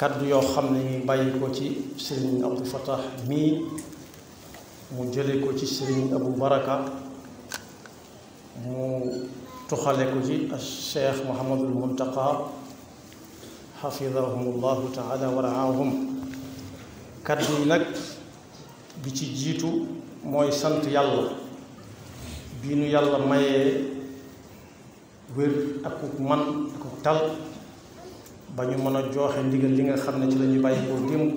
kaddu yoo xam ne ñu bàyyi ko ci sëriñ Abdou Fatah mii mu jële ko ci sëriñ Abou Baraka mu tuxale ko ci Cheikh Mouhamadul Muntaqa xafidahumullahu taala wa raahum kaddu yi nag bi ci jiitu mooy sant yàlla tal ba ñu mën a jooxe ndigal li nga xam ne ci lañuy ñu bàyyi koo démb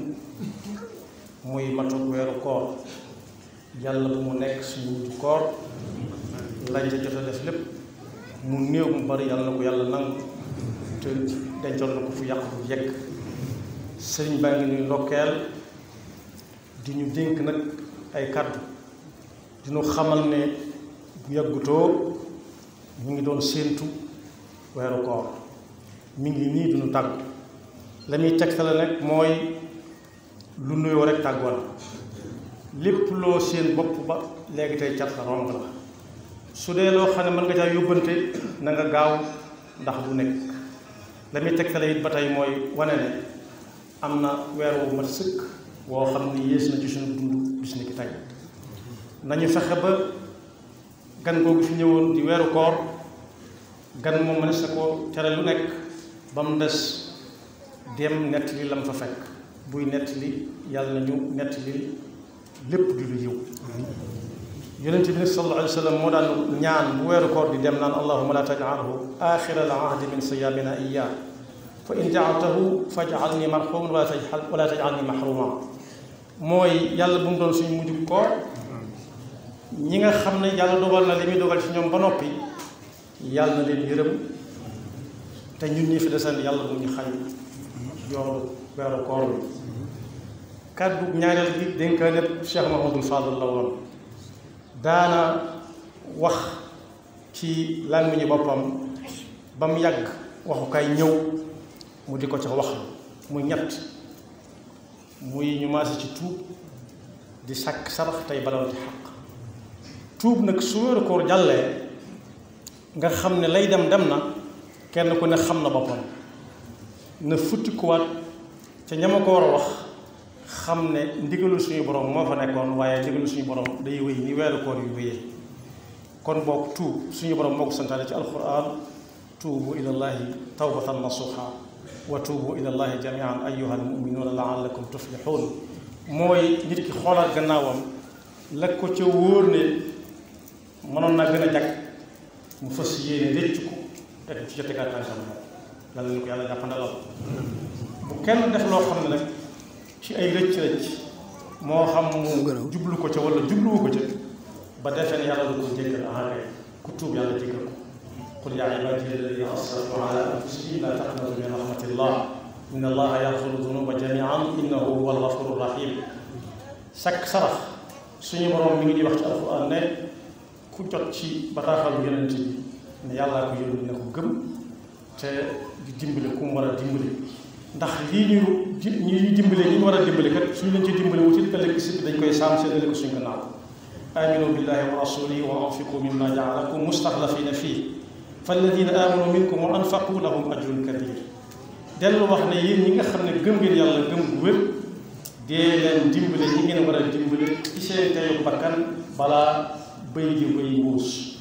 muy matu weeru koor yàlla bu mu nekk suñu koor lañ ca jot a def lépp mu néew mu bari yàlla na ko yàlla nangu te dencoon na ko fu yàqu bu yekk sëriñ baa ngi nuy ndokkeel di ñu dénk nag ay kàddu di ñu xamal ne bu yàggutoo ñu ngi doon séentu weeru koor mi ngi nii duñu tàggu la muy tegtale nag mooy lu nuyoo rek tàggoo lépp loo seen bopp ba léegi tey cat la romb la su dee loo xam ne mën nga caa yóbbante na nga gaaw ndax bu nekk la muy tegtale it ba tey mooy wane ne am na weer wu mat sëkk woo xam ne yées na ci suñu dund bis ni ki tey nañu fexe ba gan googu fi ñëwoon di weeru koor gan moom mënees na ko tere lu nekk ba mu des dem nettali la mu fa fekk buy nettali yàlla ñu nettali lépp di lu yiw yonent bi sallallahu alayhi wa sallam moo daan ñaan bu weeru koor di dem naan allahuma la tajalhu axiral ahdi min siyaamina iya fa in jaaltahu fajal ni marxuman wala mooy yàlla bu mu doon suñu mujjug koor ñi nga xam ne yàlla dogal na li muy dogal ci ñoom ba noppi yàlla na leen yërëm te ñun ñi fi deseen yàlla mu ñu xañ yoonu weeru koor bi kàddu ñaareel gi dénka lépp Cheikh Mahamadul Fadal la woon daana wax ci làmmiñu boppam ba yàgg waxukaay ñëw mu di ko ca wax muy ñett muy ñu ci tuub di sàkk sarax tey balawati xaq tuub nag su weeru koor jàllee nga xam ne lay dem dem na kenn ko ne xam na boppam na futtikuwaat ca ñama ko war a wax xam ne ndigalu suñu borom moo fa nekkoon waaye ndigalu suñu borom day wéy ni weeru koor yu wéyee kon boog tuub suñu borom moo ko santaane ci alquran tuubu ilallahi tawbatan nasuha wa tuubu ilallahi jamian ayuha almuminuuna laallakum tuflixuun mooy nit ki xoolaat gannaawam la ko ca wóor ne mënoon naa gën a jag mu fas yéene réccu ko te du ci jot a gàttal tànkam yàlla na ko kenn def loo xam ne nag ci ay rëcc-rëcc moo xam mu jublu ko ca wala jubluwu ko ca ba defee ne yàlla du ko jéggal aakay ku tuub yàlla jéggal ko qul yaa ibaadiya alladina asrafu ala anfusihim la taqnatu min rahmatillah inna allaha yaxfiru dunuba jamian innahu huwa sakk sarax suñu borom mi ngi di wax ci alquran ne ku jot ci bataaxalu yeneen bi ne yàllaa ko yónni na ko gëm te di dimbale war a dimbale ndax lii ñu ñuy dimbale ñi ñu war a dimbale kat suñu leen ci dimbale wutit ëllëg si dañ koy saam seen ëllëg suñ ko naaw aminu billahi wa rasulihi wa anfiqu mimma jaalakum mustaxlafina fii falladina amanu minkum wa anfaqu lahum ajrun kabir dellu wax ne yéen ñi nga xam ne gëm ngeen yàlla gëm gu wér war a dimbale ci seen teyu bakkan balaa bëy gi koy wuus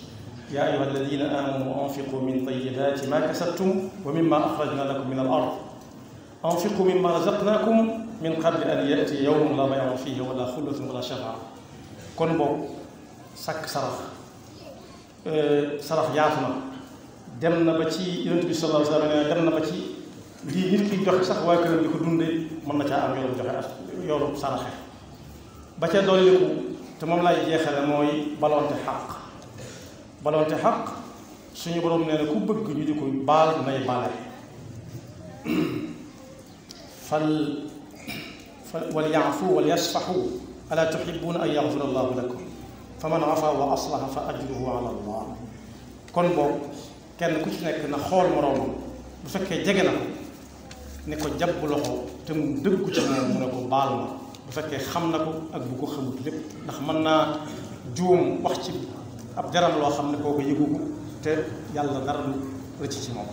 yaa ayyuha alladina amanu anfiqu min tayyibaati ma kasabtum wa mimma axrajna lakum min al ard anfiqu mimma razaqnakum min qabli an yati yawmun la bay'un fihi wala xullatun wala shafaa kon boog sakk sarax euh, sarax yaatu na dem na ba ci yonent bi sallallahu alayhi wa sallam dem na ba ci lii nit ki joxe sax waa këram di ko dunde mën na caa am yoolu joxe ak yoolu saraxe ba ca dolliku te moom laay jeexale mooy balonte xaq balonte xaq suñu borom nee na ku bëgg ñu di ko baal nay baale fal wal yaafu wal yasfaxu alaa tuxibuuna an yaxfira allahu lakum fa man afa wa aslaha fa ajruhu ala allah kon boobu kenn ku ci nekk na xool moroomam bu fekkee jege na ko ne ko jàpp loxo te mu dëggu ci moom mu ne ko baal ma bu fekkee xam na ko ak bu ko xamut lépp ndax mën naa juum wax ci ab garam loo xam ne kooku yëgu ko te yàlla dara rëcc ci moom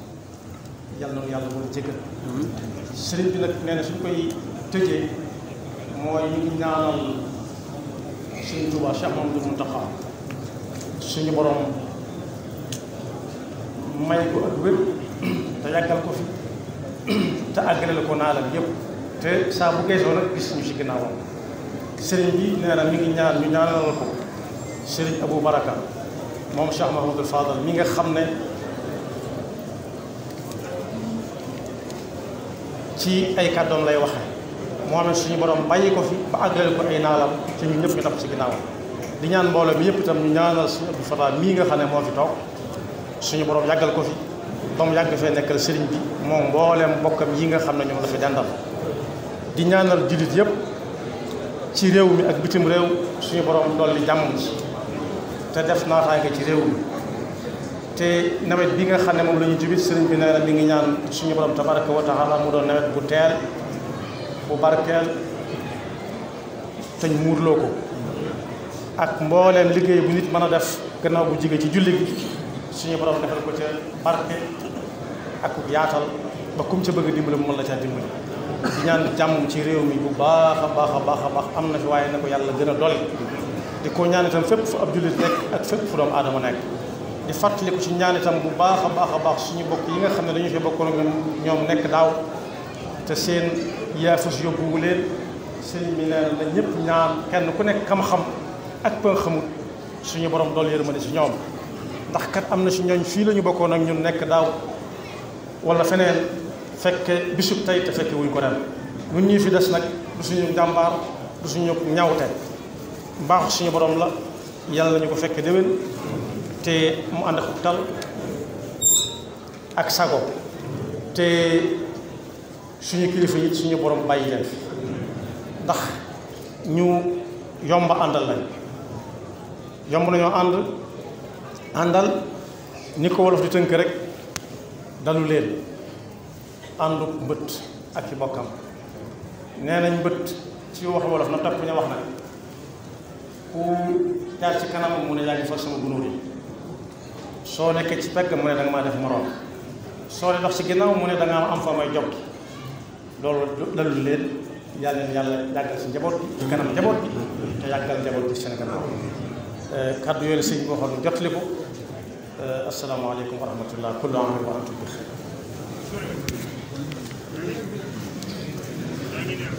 yàlla noonu yàlla boole jéggal sëriñ bi nag nee na suñ koy tëjee mooy ñu ngi ñaanal suñu Tuubaa Cheikh borom may ko ak wér te yàggal ko fi te àggaleel ko naalam yëpp te saa bu geesoo nag gis ñu ci ginnaawam sëriñ bi nee na ngi ñaan ñu ñaanal ko sëriñ Abou Baraka moom Cheikh Mahmoudou Fadal mi nga xam ne ci ay kàddoom lay waxe moo suñu borom bàyyi ko fi ba àggal ko ay naalam ci ñun ñëpp ñu topp ci ginnaawam di ñaan mbooloo mi yëpp itam ñu ñaanal nga xam ne moo fi toog suñu borom yàggal ko fi ba mu fee nekkal sëriñ bi moom mbooleem bokkam yi nga xam ne ñoom dafa fi di ñaanal jullit yépp ci réew mi ak bitim réew suñu borom dolli jàmm ci te def naataange ci réew mi te nawet bi nga xam ne moom lañu ñu jubit sëriñ bi nee na mi ngi ñaan suñu borom tabaraka wa taala mu doon nawet bu teel bu barkeel teñ muurloo ko ak mbooleem liggéey bu nit mën a def gannaaw bu jige ci julli gi suñu borom defal ko ca barke ak yaatal ba kum ca bëgg a dimbali mu la caa dimbali di ñaan jàmm ci réew mi bu baax a baax a baax a baax am na fi waaye na ko yàlla gën a dolli di ko ñaan itam fépp fu ab jullit nekk ak fépp fu doomu aadama nekk di fàttaliku ci ñaan itam bu baax a baax a baax suñu bokk yi nga xam ne dañu fi bokkoon ñoom nekk daaw te seen yaafus yóbbuwu leen seen mi neen ñëpp ñaan kenn ku nekk kam ak pën suñu borom dool yërmande si ñoom ndax kat am na si ñooñ fii la ñu bokkoon ak ñun nekk daaw wala feneen fekke bisub tey te fekke wuñ ko ren ñun ñii fi des nag du suñu njàmbaar du suñu ñawte mbaaxu suñu boroom la yàlla nañu ko fekkee déwén te mu ànd ak dal ak sago te suñu kilifa yi suñu borom bàyyi leen fi ndax ñu yomb àndal lañ yomb nañoo ànd àndal ni ko wolof di tënk rek dalu leen àndu mbët ak i bokkam nee nañ mbët ci wax wolof na topp ñu wax na ku jaar ci kanam mu ne yaa ngi sama gunóor yi soo nekkee ci pegg mu ne da ma def moroom soo ne dox ci ginnaaw mu ne da ngaa am fa may jokki loolu dalul leen yàlla yàggal si njaboot bi kanam njaboot bi te yàggal njaboot bi seen kaddu yooyu sëñ bi waxoon jotali ko euh, asalaamaaleykum wa rahmatullah kullu am bi xeyr